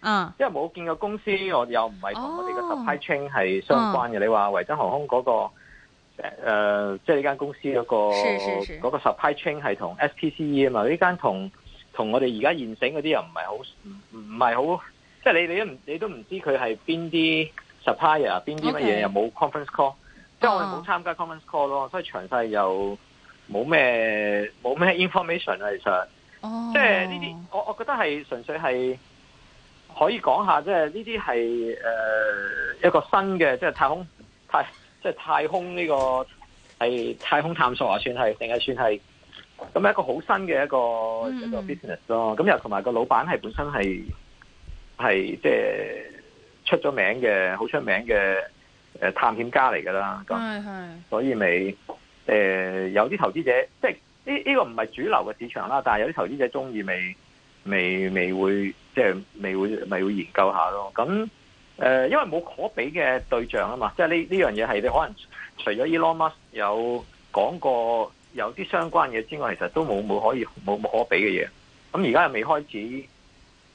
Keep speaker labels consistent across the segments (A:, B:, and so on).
A: 嗯，因為冇見過公司，又不是跟我又唔係同我哋個 supply chain 係相關嘅。你話維珍航空嗰個誒，即係呢間公司嗰個個 supply chain 係同 S P C E 啊嘛？呢間同同我哋而家現成嗰啲又唔係好唔係好，即係你你都唔你都唔知佢係邊啲 supplier 邊啲乜嘢又冇 conference call，即係、嗯、我哋冇參加 conference call 咯，所以詳細又冇咩冇咩 information 其實，
B: 即係呢
A: 啲我我覺得係純粹係。可以講下即係呢啲係誒一個新嘅即係太空太即係太空呢、呢個係太空探索啊，算係定係算係咁一個好新嘅一個、嗯、一個 business 咯。咁又同埋個老闆係本身係係即係出咗名嘅，好出名嘅誒探險家嚟噶啦。咁係係 所以咪誒有啲、呃、投資者即係呢呢個唔係主流嘅市場啦，但係有啲投資者中意咪。未未會即係未，未會，未會研究下咯。咁誒、呃，因為冇可比嘅對象啊嘛，即係呢呢樣嘢係你可能除咗 Elon Musk 有講過有啲相關嘢之外，其實都冇冇可以冇冇可比嘅嘢。咁而家又未開始，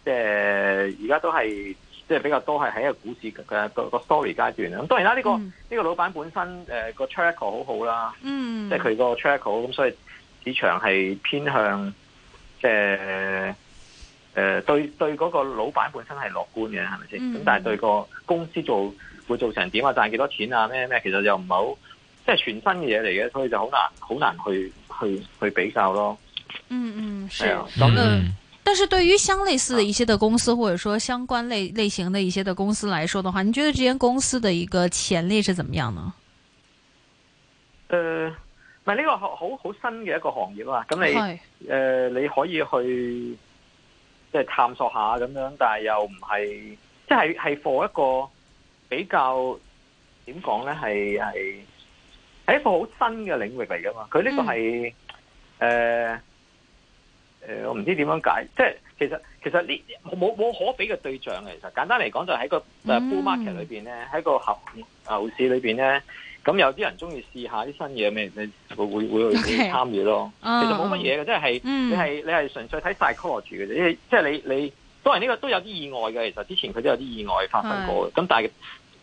A: 呃、即係而家都係即係比較多係喺一個股市嘅個 story 階段。咁當然啦，呢、呢個呢、嗯、個老闆本身、呃、個 track record 好好啦，即係佢個 track record 咁所以市場係偏向即係。呃誒、呃，對對，嗰個老闆本身係樂觀嘅，係咪先？咁、嗯、但係對個公司做會做成點啊，賺幾多錢啊，咩咩？其實又唔係好，即係全新嘅嘢嚟嘅，所以就好難好難去去去比較咯。嗯嗯，係啊。咁，
C: 但是對於相類似嘅一些嘅公司，或者說相關類類型嘅一些嘅公司嚟說嘅話，你覺得這間公司嘅一個潛力是怎麼樣呢？誒、
A: 呃，咪、這、呢個好好好新嘅一個行業啊！咁你誒是、呃，你可以去。即係探索下咁樣，但係又唔係，即係係放一個比較點講咧，係係喺一個好新嘅領域嚟噶嘛。佢呢個係誒誒，我唔知點樣解。即係其實其實呢冇冇可比嘅對象。其實簡單嚟講，就喺個誒 Bull Market 裏邊咧，喺個合
B: 牛
A: 市裏邊咧。咁有啲人中意試下啲新嘢咩？你會會會去參與咯。其實冇乜嘢嘅，即係你係你係純粹睇 psychology 嘅啫。即係你、就是、你，你當然呢個都有啲意外嘅。其實之前佢都有啲意外發生過。咁 但係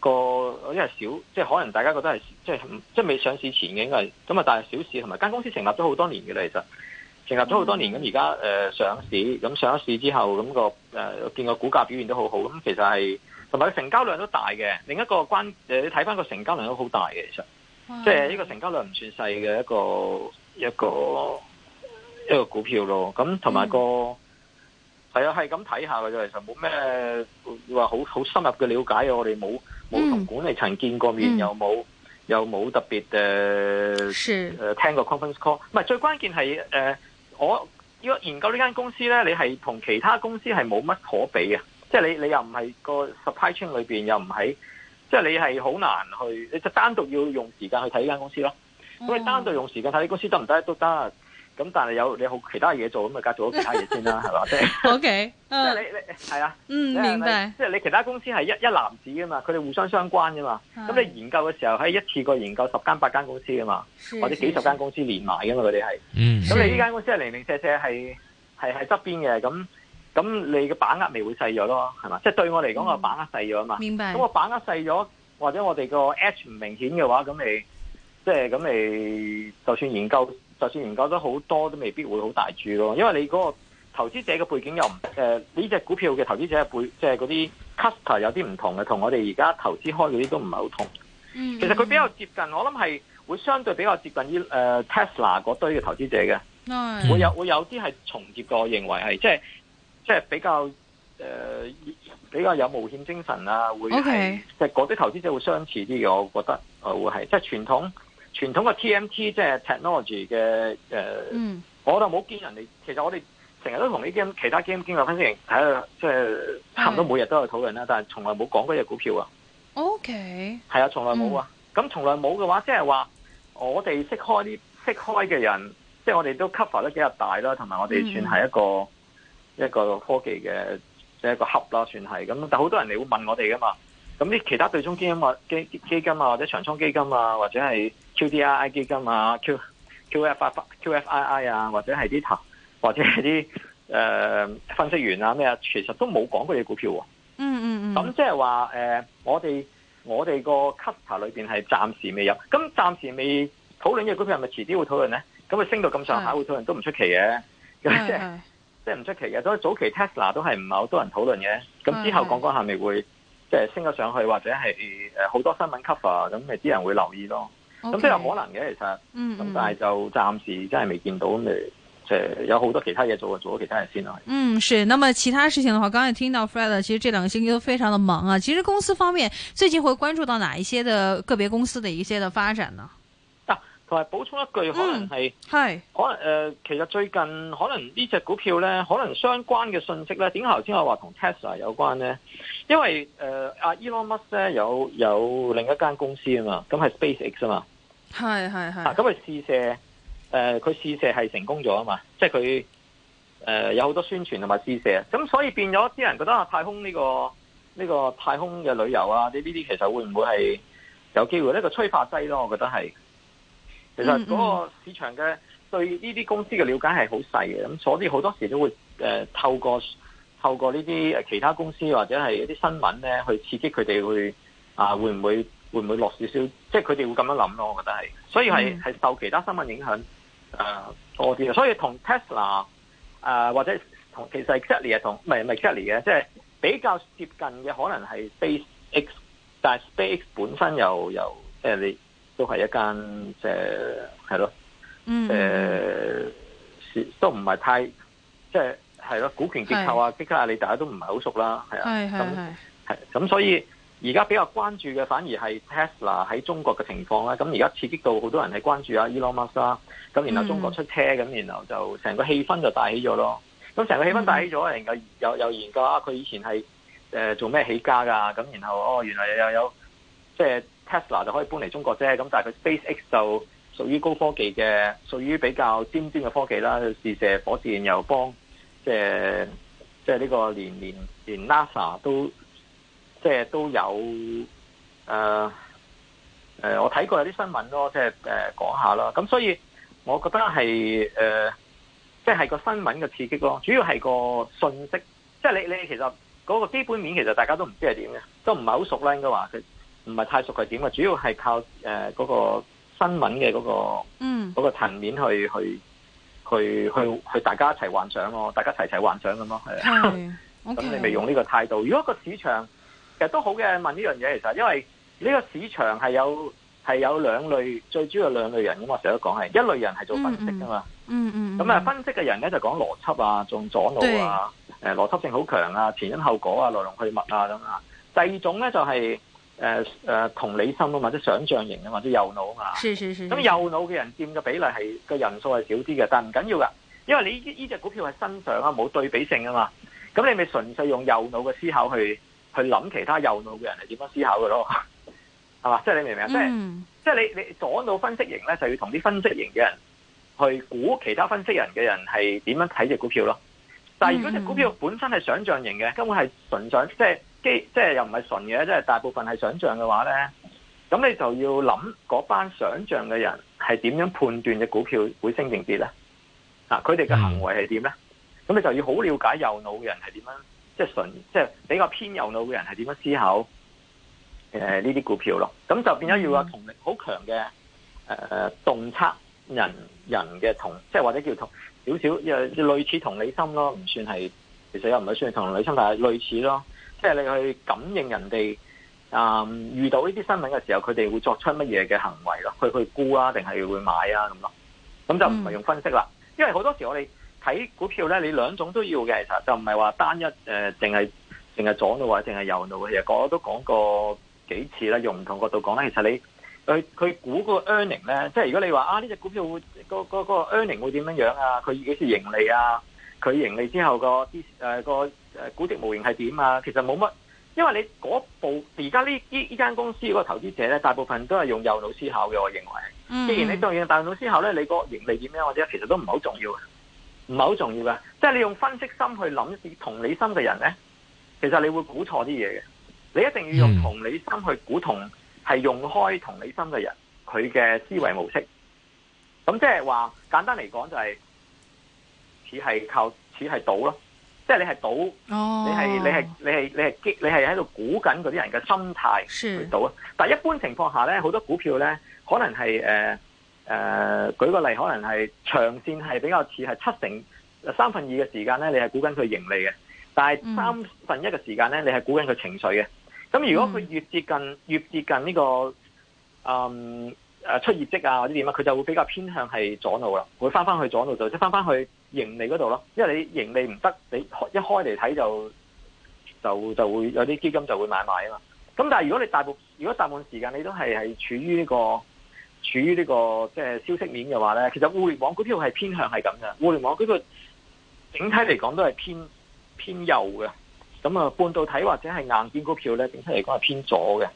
A: 個因為少，即係可能大家覺得係即係即係未上市前嘅應該係。咁啊，但係小市同埋間公司成立咗好多年嘅啦，其實。成立咗好多年，咁而家誒上市，咁上市之後咁、個誒、呃、見個股價表現都好好，咁其實係同埋個成交量都大嘅。另一個關誒，你睇翻個成交量都好大嘅，其實即係呢個成交量唔算細嘅一個一個一個,一個股票咯。咁同埋個係啊，係咁睇下嘅啫，其實冇咩話好好深入嘅了解，我哋冇冇同管理層見過面，又冇又冇特別誒誒、呃是呃、聽過 conference call。唔係，最關鍵係誒。呃我如果研究呢間公司咧，你係同其他公司係冇乜可比嘅，即係你你又唔係個 supply chain 裏面，又唔係。即係你係好難去，你就單獨要用時間去睇呢間公司咯。咁你單獨用時間睇啲公司得唔得，都得。咁但係有你好其他嘢做，咁咪隔做咗其他嘢先啦，係嘛？即係 OK，即係你你係啊，嗯，明白。即係你其他公司係一一籃子噶嘛，佢哋互相相關噶嘛。咁你研究嘅時候喺一次過研究十間八間公司噶嘛，或者幾十間公司連埋噶嘛，佢哋係。咁你呢間公司係零零舍舍係係係側邊嘅，咁咁你嘅把握咪會細咗咯？係嘛？即係對我嚟講，我把握細咗啊嘛。咁我把握細咗，或者我哋個 edge 唔明顯嘅話，咁你，即係咁你，就算研究。就算研究咗好多，都未必會好大注咯。因為你嗰個投資者嘅背景又唔誒，呢、呃、隻股票嘅投資者嘅背，即係嗰啲 customer 有啲唔同嘅，同我哋而家投資開嗰啲都唔係好同。Mm hmm. 其實佢比較接近，我諗係會相對比較接近於誒、呃、Tesla 嗰堆嘅投資者嘅。嗯、
B: mm hmm.，會有
A: 會有啲係重疊過，我認為係即係即係比較誒、呃、比較有冒險精神啊，會係，即係嗰啲投資者會相似啲嘅，我覺得誒會係，即係傳統。傳統嘅 TMT 即係 technology 嘅誒，呃嗯、我就冇見人哋。其實我哋成日都同啲其他基金嘅分析員睇下，即係、就是、差唔多每日都有討論啦。是但係從來冇講嗰隻股票啊。O K. 係啊，從來冇啊。咁、嗯、從來冇嘅話，即係話我哋識開啲識開嘅人，即、就、係、是、我哋都 cover 得比較大啦。同埋我哋算係一個、嗯、一個科技嘅即係一個恰啦，算係。咁但好多人嚟會問我哋噶嘛。咁啲其他對沖基金啊、基基金啊，或者長倉基金啊，或者係。QDII 基金啊，Q QF I QFII 啊，或者係啲頭，或者係啲誒，分析員啊咩啊，其實都冇講過啲股票，啊嗯。嗯嗯
B: 嗯。咁即
A: 係話誒，我哋我哋個 cutter 裏邊係暫時未入，咁暫時未討論嘅股票係咪遲啲會討論咧？咁啊升到咁上下會討論的都唔出奇嘅，即係即係唔出奇嘅。所以早期 Tesla 都係唔係好多人討論嘅，咁之後講講係咪會即係、就是、升咗上去，或者係誒好多新聞 cover，咁咪啲人會留意咯。咁都有可能嘅，其
C: 實，咁但係
A: 就暫時真係未見到，咁、嗯嗯呃、有好多其他嘢做啊，做咗其他嘢先咯。
C: 嗯，是。那麼其他事情嘅話，剛才聽到 Fred，其實這兩個星期都非常的忙啊。其實公司方面最近會關注到哪一些的個別公司的一些的發展呢？
A: 啊，同埋補充一句，可能係，係、嗯，可能誒、呃，其實最近可能呢隻股票咧，可能相關嘅信息咧，點解頭先我話同 Tesla 有關咧？因為誒阿、呃、Elon Musk 咧有有另一間公司啊嘛，咁係 SpaceX 啊嘛。
B: 係係係。咁
A: 佢試射，誒，佢試射係成功咗啊嘛，即係佢誒有好多宣傳同埋試射，咁所以變咗啲人覺得啊，太空呢個呢個太空嘅旅遊啊，啲呢啲其實會唔會係有機會？呢個催化劑咯，我覺得係。其實嗰個市場嘅、嗯嗯、對呢啲公司嘅了解係好細嘅，咁所以好多時都會誒透過透過呢啲其他公司或者係一啲新聞咧去刺激佢哋會啊，會唔會？會唔會落少少？即係佢哋會咁樣諗咯，我覺得係，所以係係受其他新聞影響誒、呃、多啲，所以同 Tesla 誒、呃、或者同其實係 Kelly 嘅，同唔係唔係 Kelly 嘅，即係比較接近嘅可能係 Space X，但係 Space X 本身又又、呃、都係一即你都係一間誒係咯，誒係都唔係太即係係咯，股權結構啊，其他你大家都唔係好熟啦，係啊，咁係咁所以。而家比較關注嘅反而係 Tesla 喺中國嘅情況咧，咁而家刺激到好多人係關注阿 Elon Musk 啦，咁然後中國出車，咁、mm. 然後就成個氣氛就大起咗咯。咁成個氣氛大起咗，mm. 然後又又，又研究啊，佢以前係誒、呃、做咩起家㗎？咁然後哦，原來又有即係 Tesla 就可以搬嚟中國啫。咁但係佢 SpaceX 就屬於高科技嘅，屬於比較尖端嘅科技啦。佢試射火箭又幫即係即係呢個連連連 NASA 都。即係都有誒誒、呃呃，我睇過有啲新聞咯，即、呃、係講下啦。咁所以我覺得係誒、呃，即係個新聞嘅刺激咯。主要係個信息，即係你你其實嗰個基本面其實大家都唔知係點嘅，都唔係好熟啦。應該話佢唔係太熟係點嘅，主要係靠誒嗰、呃嗰個新聞嘅嗰、嗰個
B: 嗯
A: 個層面去去去去去大家一齊幻想咯，大家齊齊幻想咁咯，係啊。
B: 咁你咪用呢
A: 個態度，如果個市場，其實都好嘅，問呢樣嘢其實，因為呢個市場係有係有兩類，最主要兩類人咁，我成日都講，係一類人係做分析噶嘛
B: 咁啊、嗯嗯嗯、
A: 分析嘅人咧就講邏輯啊，仲左腦啊，誒邏輯性好強啊，前因後果啊，來龍去脈啊咁啊。第二種咧就係誒誒同理心啊，或者想象型啊，或者右腦啊。是是是咁右腦嘅人佔嘅比例係個人數係少啲嘅，但唔緊要噶因為你呢隻股票係新上啊，冇對比性啊嘛，咁你咪純粹用右腦嘅思考去。去諗其他右腦嘅人係點樣思考嘅咯，係嘛？即係你明唔明啊？Mm hmm. 即係即係你你左腦分析型咧，就要同啲分析型嘅人去估其他分析型嘅人係點樣睇隻股票咯。但係如果隻股票本身係想象型嘅，根本係純想即係基即係又唔係純嘅，即係大部分係想象嘅話咧，咁你就要諗嗰班想象嘅人係點樣判斷隻股票會升定跌咧？嗱、啊，佢哋嘅行為係點咧？咁、mm hmm. 你就要好了解右腦嘅人係點樣。即係純，即係比較偏右腦嘅人係點樣思考？誒呢啲股票咯，咁就變咗要個同力好強嘅誒洞察人人嘅同，即係或者叫同少少誒類似同理心咯，唔算係其實又唔係算同理心，但係類似咯。即係你去感應人哋啊，遇到呢啲新聞嘅時候，佢哋會作出乜嘢嘅行為咯？去去沽啊，定係會買啊咁咯？咁就唔係用分析啦，因為好多時我哋。睇股票咧，你兩種都要嘅，其實就唔係話單一誒，淨係淨係左腦或者淨係右腦嘅。其實講都講過幾次啦，用唔同角度講咧，其實你佢佢、呃、估個個 earnings 咧，即係如果你話啊呢隻、這個、股票、那個那個 e、會個 earnings 會點樣樣啊，佢幾時盈利啊，佢盈利之後個啲個個估值模型係點啊，其實冇乜，因為你嗰部而家呢呢呢間公司個投資者咧，大部分都係用右腦思考嘅，我認為。既然你用大腦思考咧，你個盈利點樣或者其實都唔係好重要。唔係好重要㗎。即係你用分析心去諗同理心嘅人呢，其實你會估錯啲嘢嘅。你一定要用同理心去估同，係用開同理心嘅人佢嘅思維模式。咁即係話，簡單嚟講就係似係靠，似係賭咯。即係你係賭，
B: 你係你
A: 係你係你係激，你係喺度估緊嗰啲人嘅心態去賭啊！但係一般情況下呢，好多股票呢，可能係誒。呃誒、呃，舉個例，可能係長線係比較似係七成三分二嘅時間咧，你係估緊佢盈利嘅，但係三分一嘅時間咧，你係估緊佢情緒嘅。咁如果佢越接近越接近呢、呢個，嗯誒出業績啊或者點啊，佢就會比較偏向係左路啦，會翻翻去左路就即係翻翻去盈利嗰度咯。因為你盈利唔得，你一開嚟睇就就就會有啲基金就會買賣啊嘛。咁但係如果你大部如果大部分時間你都係係處於呢個。處於呢個即係消息面嘅話咧，其實互聯網股票係偏向係咁嘅。互聯網股票整體嚟講都係偏偏右嘅。咁啊，半導體或者係硬件股票咧，整體嚟講係偏左嘅。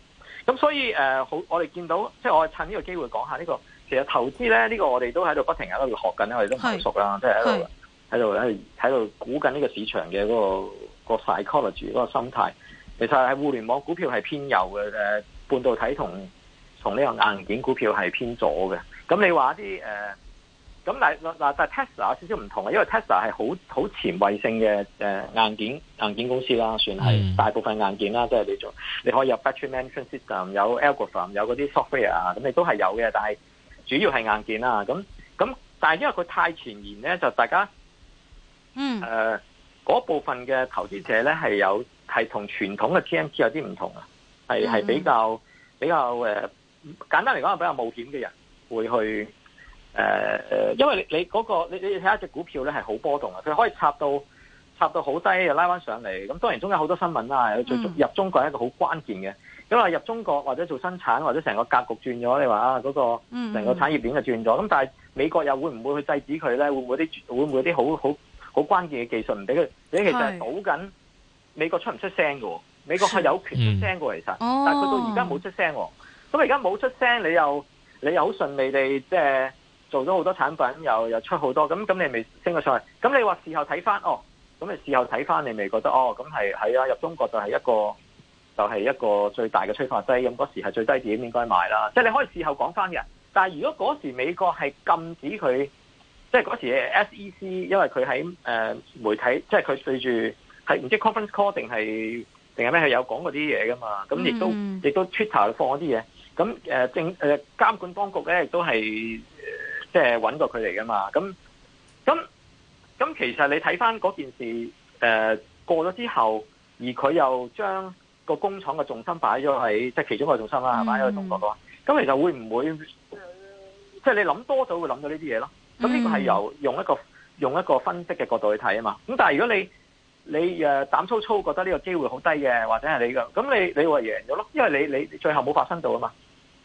A: 咁所以呃，好我哋見到，即係我趁呢個機會講下呢個。其實投資咧，呢個我哋都喺度不停喺度學緊咧，我哋都唔熟啦，即係喺度喺度喺度估緊呢個市場嘅嗰個個 psychology 嗰個心態。其實係互聯網股票係偏右嘅誒，半導體同。同呢個硬件股票係偏左嘅，咁你話啲誒，咁嗱嗱，但係 Tesla 有少少唔同啊，因為 Tesla 係好好前衛性嘅誒、呃、硬件硬件公司啦，算係大部分硬件啦，即係、mm. 你做你可以有 battery management system，有 algorithm，有嗰啲 software 啊，咁你都係有嘅，但係主要係硬件啦，咁咁，但係因為佢太前沿咧，就大家嗯誒嗰部分嘅投資者咧係有係同傳統嘅 TMT 有啲唔同啊，
C: 係係比
A: 較、mm. 比較誒。呃簡單嚟講，係比較冒險嘅人會去誒、呃，因為你、嗰個、你嗰個你你睇下隻股票咧係好波動呀，佢可以插到插到好低又拉翻上嚟。咁當然中有好多新聞啦，入中國係一個好關鍵嘅，因為入中國或者做生產或者成個格局轉咗，你話啊嗰個成個產業鏈就轉咗。咁但係美國又會唔會去制止佢咧？會唔會啲會唔會啲好好好關鍵嘅技術唔俾佢？你其實係賭緊美國出唔出聲嘅喎？美國係有權出聲嘅喎，其實，但係佢到而家冇出聲喎。咁而家冇出聲，你又你又好順利地即係做咗好多產品，又又出好多，咁咁你未升過上去。咁你話事後睇翻，哦，咁你事後睇翻，你未覺得，哦，咁係係啊，入中國就係一個就係一個最大嘅催化劑。咁嗰時係最低點應該買啦，即係你可以事後講翻嘅。但係如果嗰時美國係禁止佢，即係嗰時 SEC 因為佢喺誒媒體，即係佢對住係唔知 conference call 定係定係咩佢有講嗰啲嘢噶嘛，咁亦都亦、mm hmm. 都 twitter 放啲嘢。咁誒政誒監管當局咧，亦都係即係揾過佢嚟噶嘛。咁咁咁，其實你睇翻嗰件事誒、呃、過咗之後，而佢又將個工廠嘅重心擺咗喺即係其中一個重心啦，係擺咗個動作度啊？咁、mm hmm. 其實會唔會即係、就是、你諗多咗會諗到呢啲嘢咯？
B: 咁呢個係由
A: 用一個用一個分析嘅角度去睇啊嘛。咁但係如果你你誒膽粗粗覺得呢個機會好低嘅，或者係、這個、你嘅，咁你你話贏咗咯，因為你你最後冇發生到啊嘛。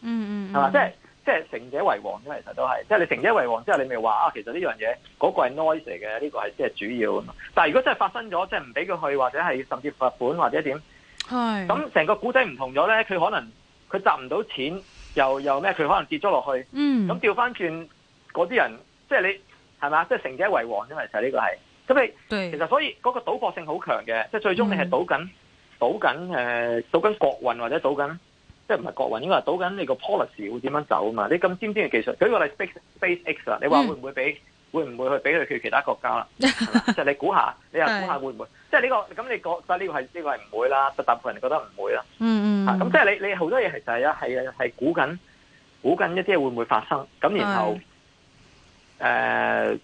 A: 嗯嗯，係嘛，即係即係成者為王啫，其實都係，即係你成者為王之後你沒說，你咪話啊，其實呢樣嘢嗰個係 noise 嚟嘅，呢個係即係主要。但係如果真係發生咗，即係唔俾佢去，或者係甚至罰款或者點，
B: 係咁
A: 成個故仔唔同咗咧，佢可能佢賺唔到錢，又又咩？佢可能跌咗落去，嗯，咁調翻轉嗰啲人，即係你係嘛，即係成者為王啫，其實呢個係咁你，對其實所以嗰個賭博性好強嘅，即係最終你係賭緊賭緊誒賭緊國運或者賭緊。即係唔係國運，應該係賭緊你個 policy 會點樣走啊嘛？你咁尖尖嘅技術，舉個例，Space SpaceX 啦，你話會唔會俾？會唔會去俾佢去其他國家啦？ 就係，你估下，你又估下會唔會？的即係，呢個、呢個咁你覺得呢個係呢、呢個係唔會啦，大部分人覺得唔會啦。
B: 嗯嗯。咁即係你
A: 你好多嘢其實係啊，係估緊估緊一啲會唔會發生？咁然後即誒，識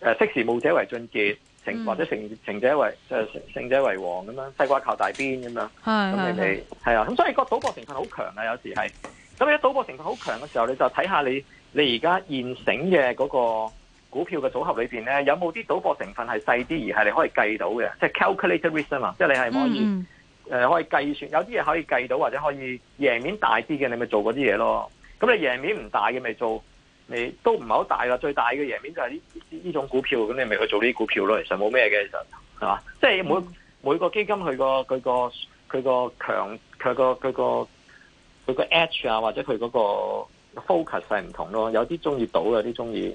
A: 的、呃、時務者為俊傑。或者成成者為即成者為王咁樣，西瓜靠大邊咁樣，咁是的 你你係啊，咁所以個賭博成分好強啊，有時係。咁你一賭博成分好強嘅時候，你就睇下你你而家現成嘅嗰個股票嘅組合裏邊咧，有冇啲賭博成分係細啲，而係你可以計到嘅，就是啊、即係 calculated risk 嘛，即係你係可以誒、嗯呃、可以計算，有啲嘢可以計到或者可以贏面大啲嘅，你咪做嗰啲嘢咯。咁你贏面唔大嘅咪做。你都唔係好大啦，最大嘅贏面就係呢呢種股票，咁你咪去做呢啲股票咯。其實冇咩嘅，就係嘛，嗯、即係每每個基金佢個佢個佢個強佢個佢個佢個 edge 啊，或者佢嗰個 focus 係唔同咯。有啲中意賭有啲中意，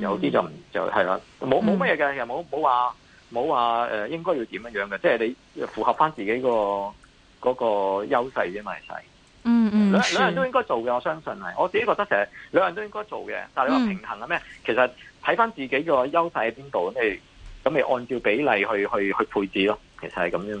B: 有啲就
A: 唔就係啦，冇冇嘢嘅，又冇冇話冇話誒，應該要點樣樣嘅，即係你符合翻自己個、嗰個嗰個優勢啫嘛，係。
B: 嗯嗯，嗯兩兩人都應
A: 該做嘅，我相信係。我自己覺得成日兩人都應該做嘅，但係你話平衡呀咩？嗯、其實睇返自己個優勢喺邊度，你咁你按照比例去去去配置咯。其實係咁樣。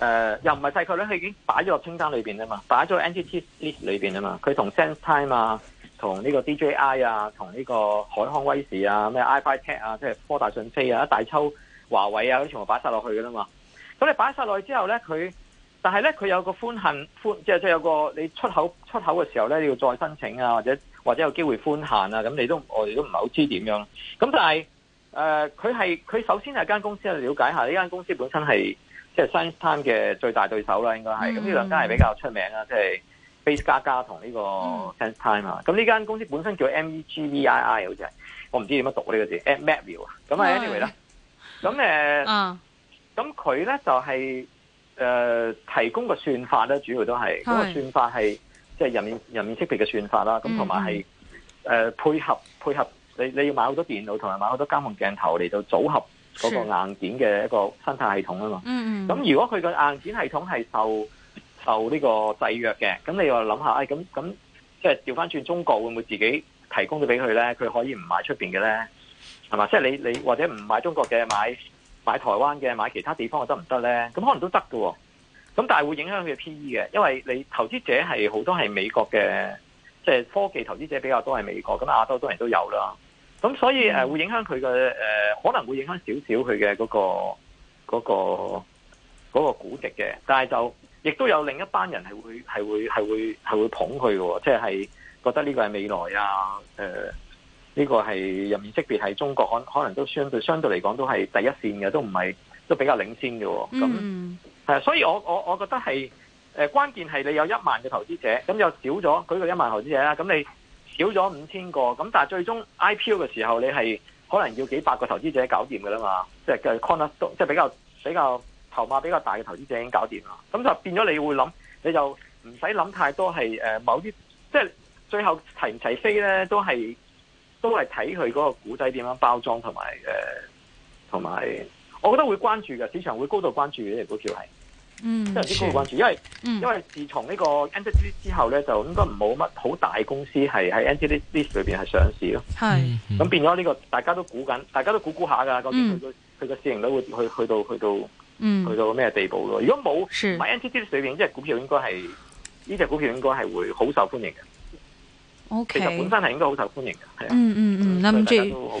A: 誒、呃、又唔係大概咧，佢已經擺咗落清單裏面啊嘛，擺咗喺 entity list 裏面啊嘛。佢同 SenseTime 啊，同呢個 DJI 啊，同呢個海康威視啊，咩 iFlytek 啊，即係科大訊飛啊，大抽華為啊，佢啲全部擺晒落去噶啦嘛。咁你擺晒落去之後咧，佢但係咧，佢有個寬限寬，即係即係有個你出口出口嘅時候咧，你要再申請啊，或者或者有機會寬限啊，咁你都我哋都唔係好知點樣。咁但係誒，佢係佢首先係間公司去了解下呢間公司本身係。即係 SenseTime 嘅最大對手啦，應該係咁呢兩間係比較出名啦，即係 Face 加加同呢個 SenseTime 啊、嗯。咁呢間公司本身叫 Megvii 好似係，我唔知點樣讀呢個字。At Matthew、嗯、啊，咁啊，anyway 咧，咁誒，咁佢咧就係、是、誒、呃、提供個算法咧，主要都係是個算法係即係人面人面識別嘅算法啦。咁同埋係誒配合配合你你要買好多電腦，同埋買好多監控鏡頭嚟到組合。嗰個硬件嘅一個生態系統啊嘛，咁、嗯嗯、如果佢個硬件系統係受受呢個制約嘅，咁你又諗下，哎咁咁即係調翻轉中國會唔會自己提供咗俾佢咧？佢可以唔買出邊嘅咧，係嘛？即係你你或者唔買中國嘅，買買台灣嘅，買其他地方又得唔得咧？咁可能都得嘅，咁但係會影響佢嘅 PE 嘅，因為你投資者係好多係美國嘅，即係科技投資者比較多係美國，咁亞洲當然都有啦。咁所以誒會影響佢嘅、嗯呃、可能會影響少少佢嘅嗰個嗰、那個嗰估值嘅。但係就亦都有另一班人係會係會係會係會，會捧佢喎、哦，即、就、係、是、覺得呢個係未來啊！呢、呃這個係人面識別係中國可能都相對相對嚟講都係第一線嘅，都唔係都比較領先嘅、哦。咁係啊，所以我我我覺得係誒關鍵係你有一萬嘅投資者，咁又少咗佢個一萬投資者啦。咁你。少咗五千個，咁但係最終 IPO 嘅時候，你係可能要幾百個投資者搞掂噶啦嘛，即係嘅 conductor 即係比較比較頭碼比，比較大嘅投資者已經搞掂啦，咁就變咗你會諗，你就唔使諗太多係誒、呃、某啲，即係最後齊唔齊飛咧，都係都係睇佢嗰個股仔點樣包裝同埋誒同埋，我覺得會關注嘅市場會高度關注呢隻股票係。
B: 嗯，即係啲關注，
A: 嗯、因為因為自從呢個 NTD 之後咧，就應該冇乜好大的公司係喺 NTD 裏邊係上市咯。係是，咁變咗呢個大家都估緊，大家都估估下㗎，究竟佢個佢個市盈率會去去到、嗯、去到去到咩、嗯、地步咯？如果冇買 NTD 的市盈即係呢股票應該係呢隻股票應該係會好受歡迎嘅。
C: Okay, 其實本身
A: 係應該好受歡迎嘅，係啊、嗯。諗住、嗯。嗯